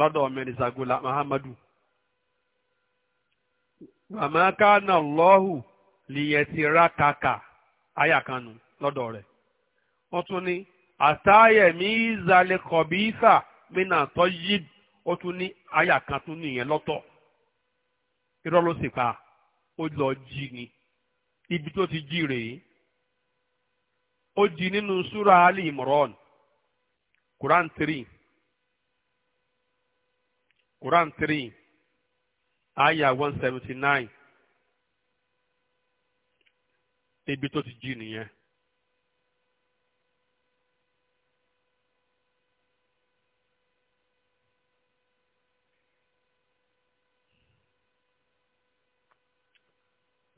lọ́dọ̀ Mirza Ghulam Muhammadu. Mama kana Allahu liyatirakaka àyà kan lọ́dọ̀ rẹ̀. Wọ́n tún ní àtàyẹ̀mí ìzàlẹ̀ kọ̀bíìsà mínà tọ́ yìí tún ní àyà ibi tó ti jí rèé. Ó jí nínú Súra Ali Imran, Quran three aya 179 seventy nine ibi tó ti jí nìyẹn.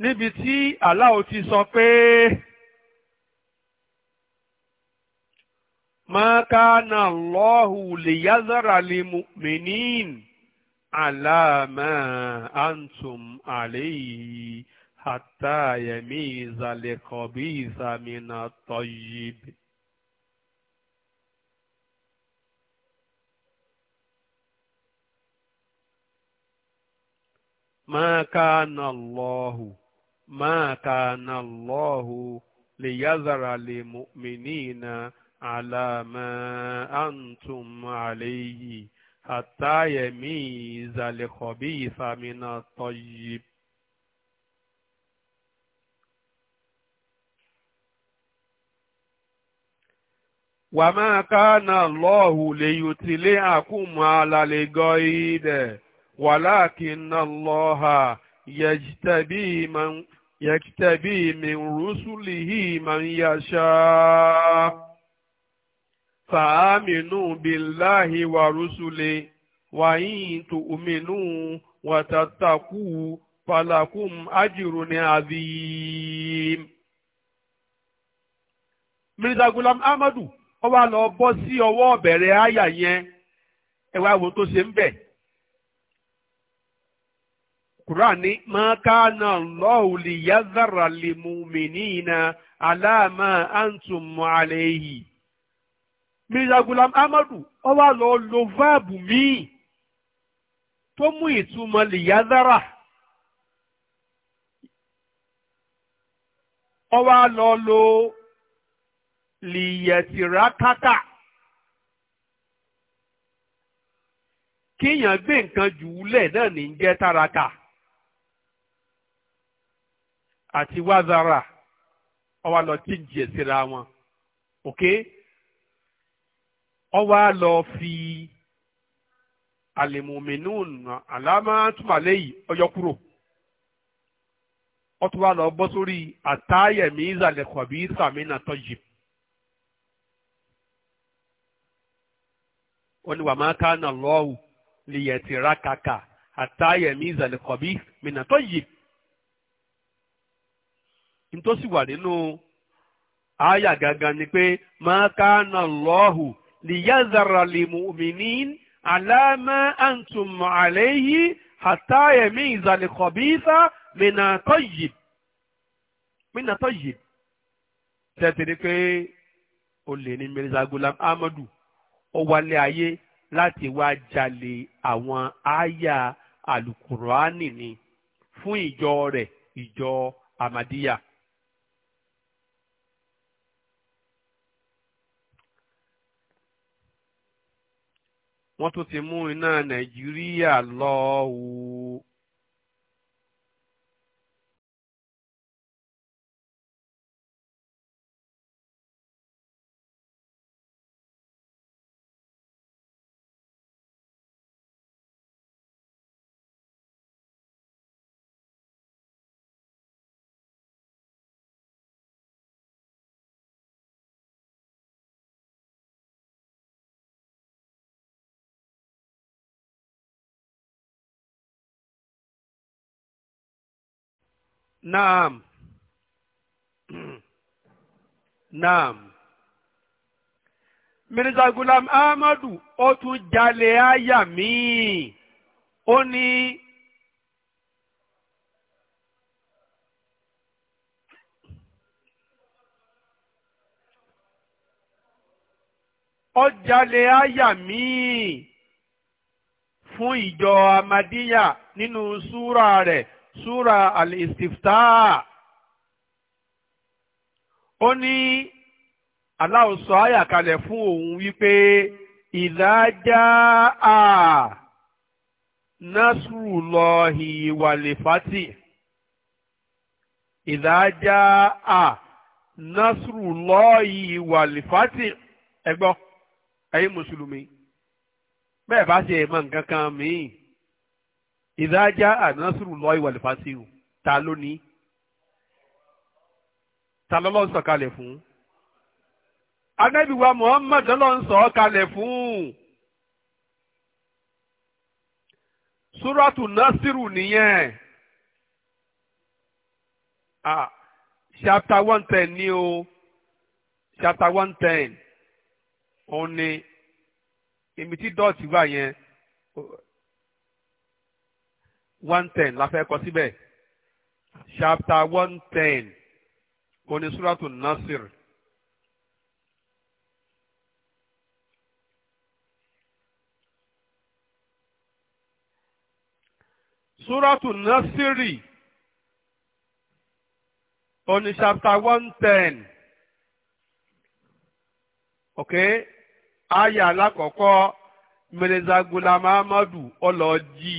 níbi tí aláwo ti sọ pé ma kana Allahu liyazara lil mu'minin. على ما أنتم عليه حتى يميز الخبيث من الطيب ما كان الله ما كان الله ليذر للمؤمنين على ما أنتم عليه àtàyẹ̀mí ìzàlẹ̀kọ̀bí ìfàmìnà tọ́yì. wàmà kánà lọ́hù lèyùtìlé àkùnmọ́ alàlẹ́gọ́ ìdẹ̀ wàlákìnnà lọ́hà yẹ̀jìtẹ̀bí man yẹ̀jìtẹ̀bí min rúṣùlìhì man yàṣá. فآمنوا بالله ورسله وإن تؤمنوا وتتقوا فلكم أجر عظيم Mirza Gulam Amadu, ó wá lọ bọ́ sí ọwọ́ ọ̀bẹ̀rẹ̀ àyà yẹn ẹ wo tó ṣe ń bẹ̀. Quran ní ma kana Allahu liyadhara lil mu'minina ala ma miragulam amadu ó wá lọ lo fáàbù míì tó mú ìtumọ̀ lìyádára ó wá lọ lo lìyẹ̀tìrákàkà kíyàn gbé nǹkan jù ú lẹ̀ náà ní jẹ́ tàràkà àti wázara ó wá lọ tí ń jẹ̀ síra wọn òkè. Okay? Ọwaa lọ fi alịmụminu n'alaama atụmaleyị ọyọ kwuru, ọ tụwae la ọ bụsịrị ataaya mịzalịkọbi sami na tọjị. Ọ nweghị mụ aka ná ụlọ ọhụụ, liyetere aka ka, ataaya mịzalịkọbi, mi na tọjị. Ntosiwari nụ, aghaghị aga lìyàzàrà lìmùmìnín àlámà àǹtùmọ̀ àléyìí àtàyẹ̀mí ìzàlẹ̀kọ̀bíìsà mìnàtọ́ yìí mìnàtọ́ yìí tẹ́tẹ̀rẹ́ pé ó lè ní Mirza Gulam Amadu ó wálé ayé láti wá jalè àwọn àyà alukurani ni fún ìjọ rẹ̀ ìjọ Amadiya. wọ́n tún ti mú iná nàìjíríà lọ naam naam mirza gulam ahmadu ó tún jalè àyà míì ó ní. ọjàlè àyà míì fún ìjọ amadiya nínú súra rẹ̀ súra al-istifta ó ní Allah sọ fún òun wípé ìdájá a nasrullahi wal-fatih ìdájá a nasrullahi wal-fatih ẹgbọ́ ẹ̀yin mùsùlùmí bẹ́ẹ̀ bá ṣe mọ̀ nǹkan kan mìíràn. ìdájá ànásùrù lọ ìwàlùfàṣírù ta ló ní ta lọ́lọ́ ń sọ̀kalẹ̀ fún anábìwá Muhammad lọ́lọ́ ń sọ̀kalẹ̀ fún súrọ́tù násìrù nìyẹn ah chapter one ten ni o chapter one ten òun ni èmi tí dọ́ọ̀tì wà yẹn one ten la fẹ́ kọ síbẹ̀ chapter one ten oní suratu nasir. suratu nasiri oní chapter one ten ok aya alakọkọ mirza gulam amadu ọlọjì.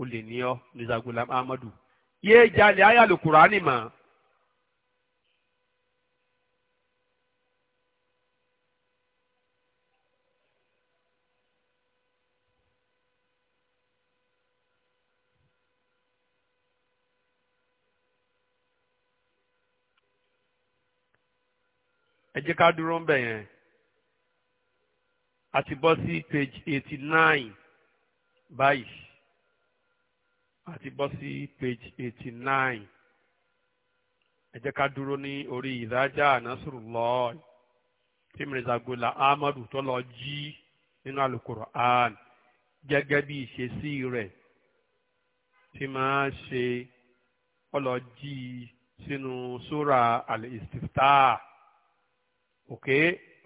o lè ní ọ Mirza Ghulam Ahmadu yéé jalè ayálu Kùránì mọ́. ẹ jẹ́ ká dúró ń bẹ̀ yẹn a ti bọ́ sí page eighty nine báyìí àti bọ́ sí page eighty nine ẹ jẹ́ ká dúró ní orí ìdájà Nasrullah tí Mirza Ghulam Ahmadu tó lọ jí nínú Al-Qur'an gẹ́gẹ́ bí ìṣesí rẹ̀ tí máa ṣe ọlọ́jí sínú sura al-istifta òkè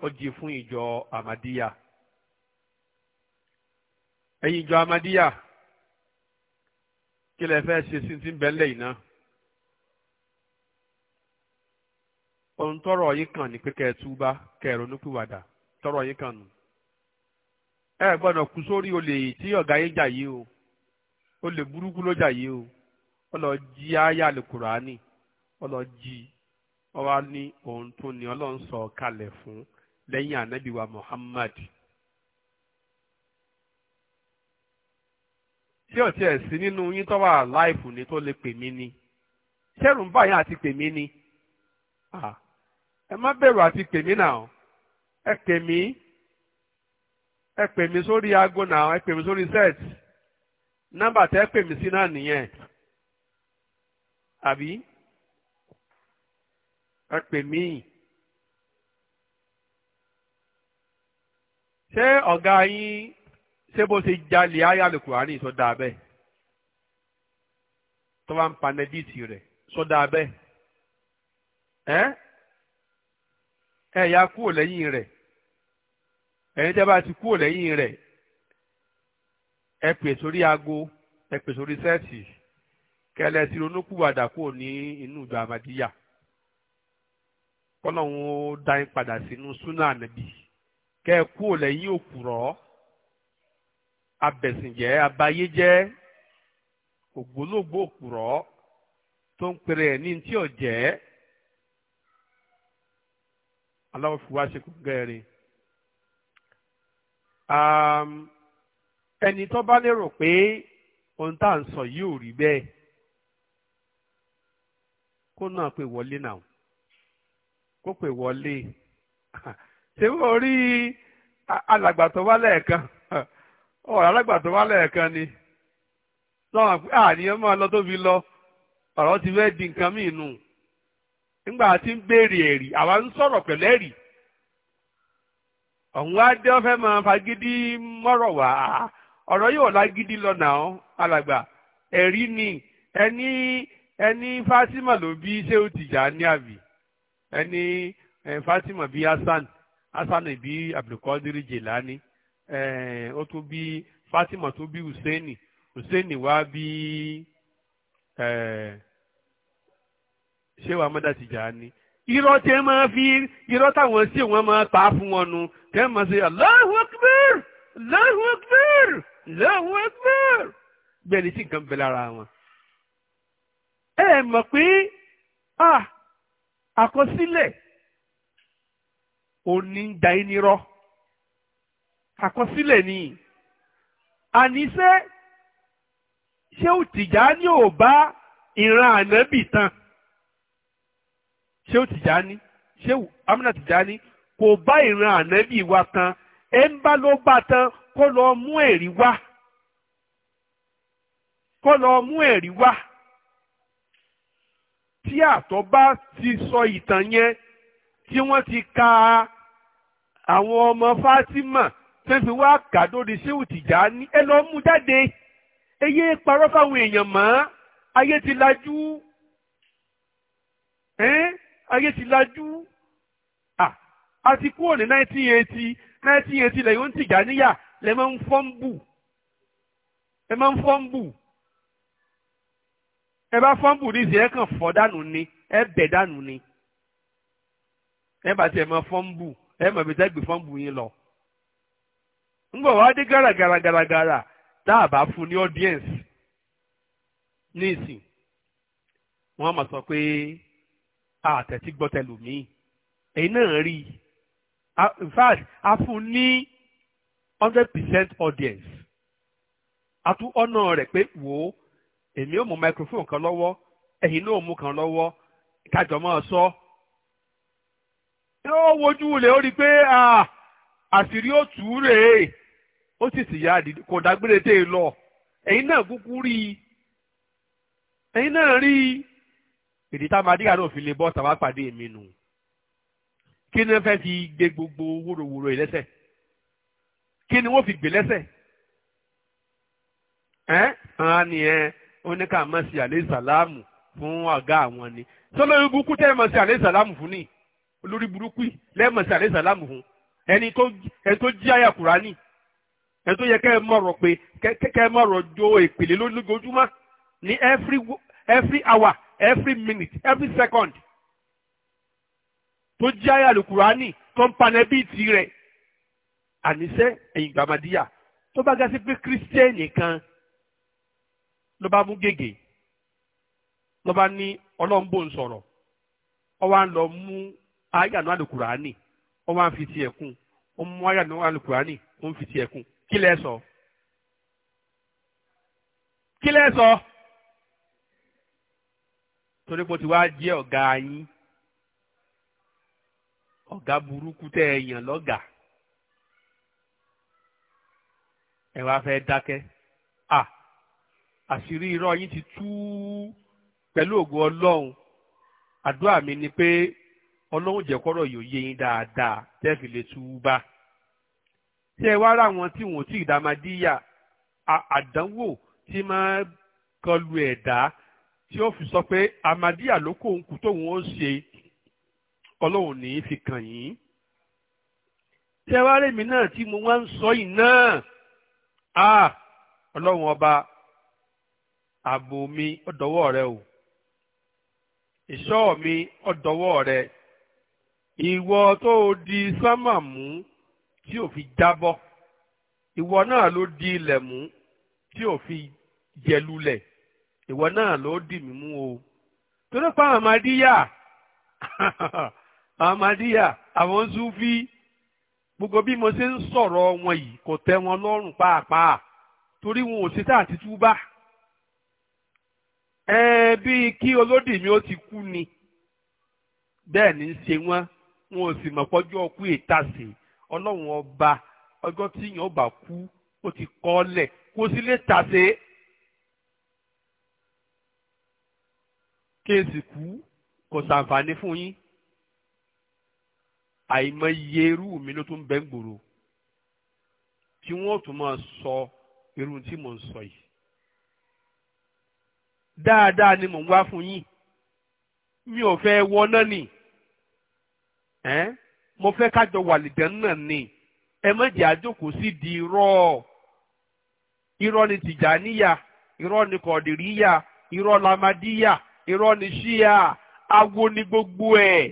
ọjí fún ìjọ amadiya ẹ̀yin ìjọ amadiya. kílẹ̀ fẹ́ ṣe sí ti ń bẹ lẹ́yìn náà ohun tọrọ yìí kàn ní pé kẹ́ ẹ túbá tọrọ yìí kàn kú sórí olè tí ọ̀gá yín jà yìí o olè burúkú ló jà o ọlọ jí àyà ọlọ jí ọba ní fún lẹ́yìn anabiwa Muhammad. ṣé ọ̀tí ẹ̀ sí nínú yín tó wà láìfù ni tó lè pè mí ni ṣẹ́rù ń bà yín àti pè mí ni ẹ má bẹ̀rù àti pè mí náà ẹ pè mí ẹ pè mí sórí aago náà ẹ pè mí sórí set nọ́mbà tẹ́ pè mí sí náà nìyẹn àbí ẹ pè mí. ṣé ọ̀gá yín ṣé bó ṣe jalè ayé alukurani sọdá abẹ tó bá ń panẹdíìtì rẹ sọdá abẹ ẹ ẹ ya kúrò lẹ́yìn rẹ ẹ̀yin tẹ́ bá ti kúrò lẹ́yìn rẹ ẹ pè sórí aago ẹ pè sórí sẹẹsì kẹlẹ ti ronúkúwàdà kúrò ní inú ìjọ àmàdíyà kọlọ́hún ó dá yín padà sínú súnà ànábì kẹ́ kúrò lẹ́yìn òkùrọ́. abẹ̀sìnjẹ́ abayéjẹ́ ògbólógbò òpùrọ́ tó ń pèrè ẹ̀ ní tí ò jẹ́ aláwọ̀ fi wá ṣe gẹ́rin. ẹni tó bá lérò pé ohun tá à ń sọ yìí ò rí bẹ́ẹ̀ kó náà pè wọlé náà kó pè wọlé ṣé wọ́n rí alàgbà tó wá ọ̀rọ̀ alágbà tó wá ni lọ́wọ́n pé àníyàn máa lọ tó fi lọ ọ̀rọ̀ ti fẹ́ di nǹkan míì nù nígbà tí ń béèrè ẹ̀rí àwa ń sọ̀rọ̀ pẹ̀lú ẹ̀rí ọ̀hún wá dé ọ́fẹ́ máa fagídí mọ́rọ̀ wá ọ̀rọ̀ yóò lágídí lọ́nà ọ́ alàgbà ni ẹni ẹni Fátímà ló bí Ṣéhù Tìjàní àbí ẹni Fátímà bí Hasan Hasan bí Abdulkadir ni. Eh, ó tún bí Fatima tó bí Hussein Hussein wá bí ṣéwà eh, mọ́dà Tijani irọ́ tẹ́ máa fi irọ́ táwọn sí wọn máa pa fún wọn nu tẹ́ máa ṣe Allahu Akbar Allahu Akbar Allahu Akbar gbẹ̀ni tí nǹkan bẹ lára wọn. ẹ mọ̀ pé ah, àkọsílẹ̀ òní ń da ẹni rọ́ àkọsílẹ̀ ni àníṣe ṣéwù Tìjání ò bá ìran ànábì tán ṣéwù Tìjání ṣéwù amúnà Tìjání kò bá ìran ànábì wa tán ẹ ń bá ló bá tán kó lọ mú ẹ̀rí wá kó lọ mú ẹ̀rí wá tí àtọ́ ti sọ ìtàn yẹn tí wọ́n ti ka àwọn ọmọ Fátímà tó fi wá kàdóri Ṣéhù Tìjàní ẹ lọ mú jáde ẹ yé parọ́ fáwọn èèyàn mọ́ ayé ti lajú ẹ́n ayé ti lajú a ti kúrò ní 1980 1980 lẹ́yìn ohun Tìjàníyà lẹ́ máa ń fọ́nbù ẹ máa ń fọ́nbù ẹ bá fọ́nbù ní ìsìn ẹ kàn fọ́ dànù ni ẹ bẹ̀ dànù ni ẹ bá tiẹ̀ máa fọ́nbù ẹ máa bẹ̀ tẹ́ gbé fọ́nbù yín lọ. ńgbọ̀ wá dé gara gara a bá fún ní audience ní n'isi wọ́n máa sọ pé a gbọ́tẹlùmíì èyí náà rí i in fact a fun ní hundred percent audience a tún ọ̀nà rẹ̀ pé wò ó èmi ò mú microphone kan lọ́wọ́ ẹ̀yin náà mú kan lọ́wọ́ kájọ máa sọ. ó wojú wulẹ̀ ó rí i pé àṣírí òtù rèé ó sì sì yá àdìdì kò dágbére tè e lọ ẹ̀yin náà kúkú rí i ẹ̀yin náà rí i èdè tá a máa dígbà náà fi lè bọ́ tàwa pàdé mi nù kí ni wọ́n fẹ́ fi gbé gbogbo wóróworó yìí lẹ́sẹ̀ kí ni wọ́n fi gbé lẹ́sẹ̀ ẹ́ hàn ni ẹ oníkàmọ́sí àlẹ́ sàlámù fún ọ̀gá àwọn ni sọlọ́ọ̀ ibùkún tẹ́ ẹ mọ̀ sí àlẹ́ sàlámù fún ni olórí burúkú lẹ́ẹ̀mọ̀ sí àlẹ́ sàlámù fún ẹni tó ẹni tó jí àyà kùránì ẹni tó yẹ kẹ́ ẹ mọ̀rọ̀ pé kẹ́ ẹ mọ̀rọ̀ jo ìpìlẹ̀ lójoojúmọ́ ní every every hour every minute every second tó jí àyà lùkùránì tó ń panẹ́ bíi tirẹ̀ àníṣe ẹ̀yìn gbàmàdíyà tó bá ga sí pé kírísítẹ́nì kan ló bá mú gègé ló bá ní ọlọ́mbò ń sọ̀rọ̀ ọ wá ń lọ mú àyànnú àlùkùránì ọ wá ń fi tiẹ̀ kún ó mú àyà náà alukurani ó ń fi ti ẹ̀kún kí lẹ sọ kí lẹ sọ torí pé ó ti wá jẹ́ ọ̀gá yín ọ̀gá burúkú tẹ́ ẹ yàn lọ́gà ẹ wá fẹ́ dákẹ́ à àṣírí irọ́ yín ti tú pẹ̀lú ògo ọlọ́run àdúrà mi ni pé ọlọ́run jẹ́ kọ́rọ̀ yóò yé yín dáadáa tẹ́ fi tí ẹ wá rà wọn tí wọn ò tí ì dàmádíyà àdánwò tí máa kọlu ẹ̀dá tí ó fi sọ pé àmàdíyà ló kó òun kù tóun ó ṣe ọlọ́run ní fi kàn yín. tí ẹ wá rẹ̀ mí náà tí mo wá ń sọ yìí náà a ọlọ́run ọba ààbò mi ọ̀dọ́wọ́ rẹ o ìṣọ́ mi ọ̀dọ́wọ́ rẹ ìwọ tó di sánmà mú tí ò fi jábọ́ ìwọ náà ló di ilẹ̀ mú tí ò fi jẹlulẹ̀ ìwọ náà ló dì mí mú o torí pa àmàdíyà àmàdíyà àwọn sufi gbogbo bí mo ṣe ń sọ̀rọ̀ wọn yìí kò tẹ́ wọn lọ́rùn pàápàá torí wọn ò ṣe tá àti túbà ẹ bí kí olódì mi ó ti kú ni bẹ́ẹ̀ ni ń ṣe wọ́n wọn ò sì mọ̀ pọ́jú ọkú ètàsí ọlọ́run ọba ọjọ́ tí yàn ọba kú ó ti kọ́ lẹ̀ kó sì lè tàṣe kéèsì kú kò sàǹfààní fún yín àìmọye irú mi ló tún bẹ ń gbòòrò tí wọn tún máa sọ irú tí mò ń sọ yìí dáadáa ni mò ń wá fún yín mi ò fẹ́ wọná nì mo fẹ́ kájọ wàlìdán náà ni ẹ má jẹ́ àjókòó sí di irọ́ irọ́ ni tìjàníyà irọ́ ni kọ̀dìríyà irọ́ lamadíyà irọ́ ni ṣíà awo ni gbogbo ẹ̀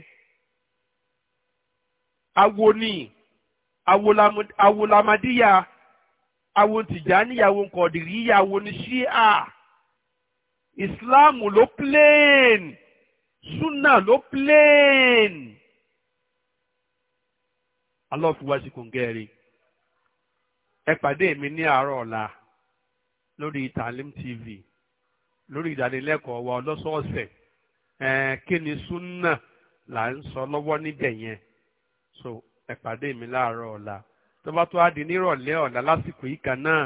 awo ni awo lamadíyà awo tìjàníyà awo kọ̀dìríyà awo ni ṣíà ìsìláàmù ló plain súnà ló plain. alọ́ọ̀fíwájú kò ń ẹ pàdé mi ní àárọ̀ ọ̀la lórí Talim TV lórí ìdánilẹ́kọ̀ọ́ wa ọlọ́sọ̀ọ̀sẹ̀ ẹ̀ẹ́n kí ni súnà là ń sọ lọ́wọ́ níbẹ̀ yẹn so ẹ pàdé mi láàárọ̀ ọ̀la tó bá tó á di nírọ̀lẹ́ ọ̀la lásìkò yìí kan náà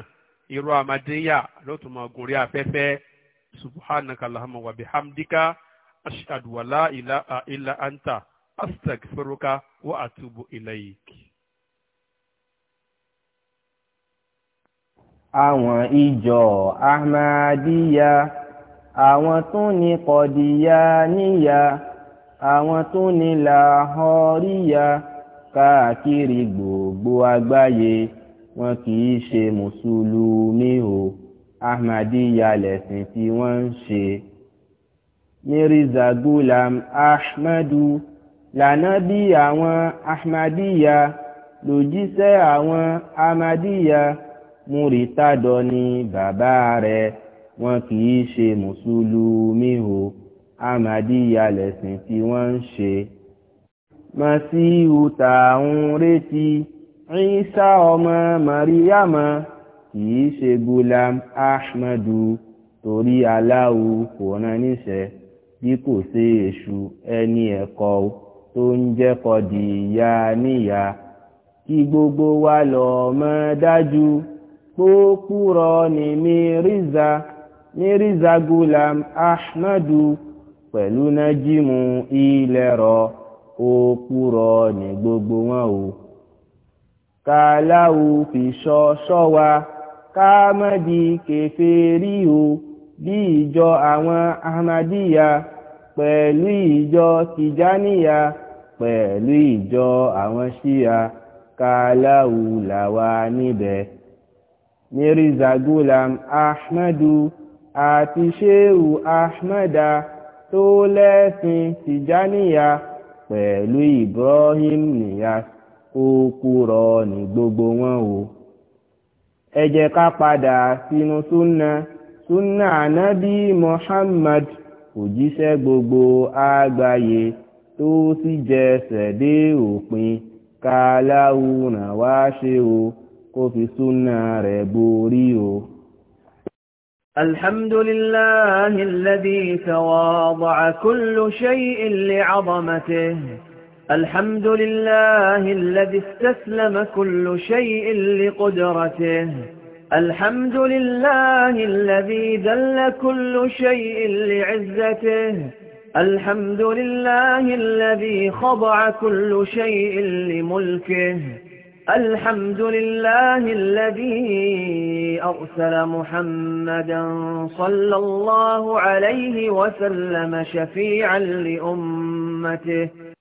irú amadéyà ló tún máa afẹ́fẹ́ subhanaka wa bihamdika ashhadu ila anta. astaghfiruka wa atubu ilayk. àwọn ìjọ ahmadiyya àwọn tó ní kọdíyà níyà àwọn tó ní làhọríyà káàkiri gbogbo àgbáyé wọn kì í ṣe mùsùlùmí o ahmadiyya lẹ̀sìn tí wọ́n ń ṣe. mirza gulam ahmadu lànà bí àwọn ahmadiyya lòjíṣẹ́ àwọn ahmadiyya múritádọ ni bàbá rẹ̀ wọn kì í ṣe mùsùlùmí o ahmadiyya lẹ̀sìn tí wọ́n ń ṣe. masihu tá retí Ìsá ọmọ Màríyàmá kì í ṣe gulam ahmadu torí Allahu kò rán níṣẹ́ bí kò ṣe èṣù ẹni ẹ̀kọ́ o tó ń jẹ́ kọ̀dìyà níyà kí gbogbo wa lọ mọ̀ dájú kókúrọ ni mírízà mírízà gulam ahmadu pẹ̀lú nájímù ilẹ̀rọ òkúrọ ni gbogbo wọn o kàláwù fi ṣọ́ ṣọ́ wa káàmọ́dì kẹfẹ́rí o bí ìjọ àwọn ahmadiyya pẹ̀lú ìjọ tìjáníyà pẹ̀lú ìjọ àwọn ṣíya kàláwù làwa níbẹ̀ mirza gulam Ahmedu àti sheu ahmada tó lẹ́sìn tìjáníyà pẹ̀lú ibrahim niyas ó kúrọ ní gbogbo wọn o ẹ jẹ́ ká padà sínú súnà súnà ànábì muhammad òjíṣẹ́ gbogbo àgbáyé. tó sì jẹsẹ̀ dé òpin káláwù náà wá ṣe o kó fi súnà rẹ̀ borí o. الحمد لله الذي تواضع كل شيء لعظمته الحمد لله الذي استسلم كل شيء لقدرته الحمد لله الذي ذل كل شيء لعزته الحمد لله الذي خضع كل شيء لملكه الحمد لله الذي أرسل محمدا صلى الله عليه وسلم شفيعا لأمته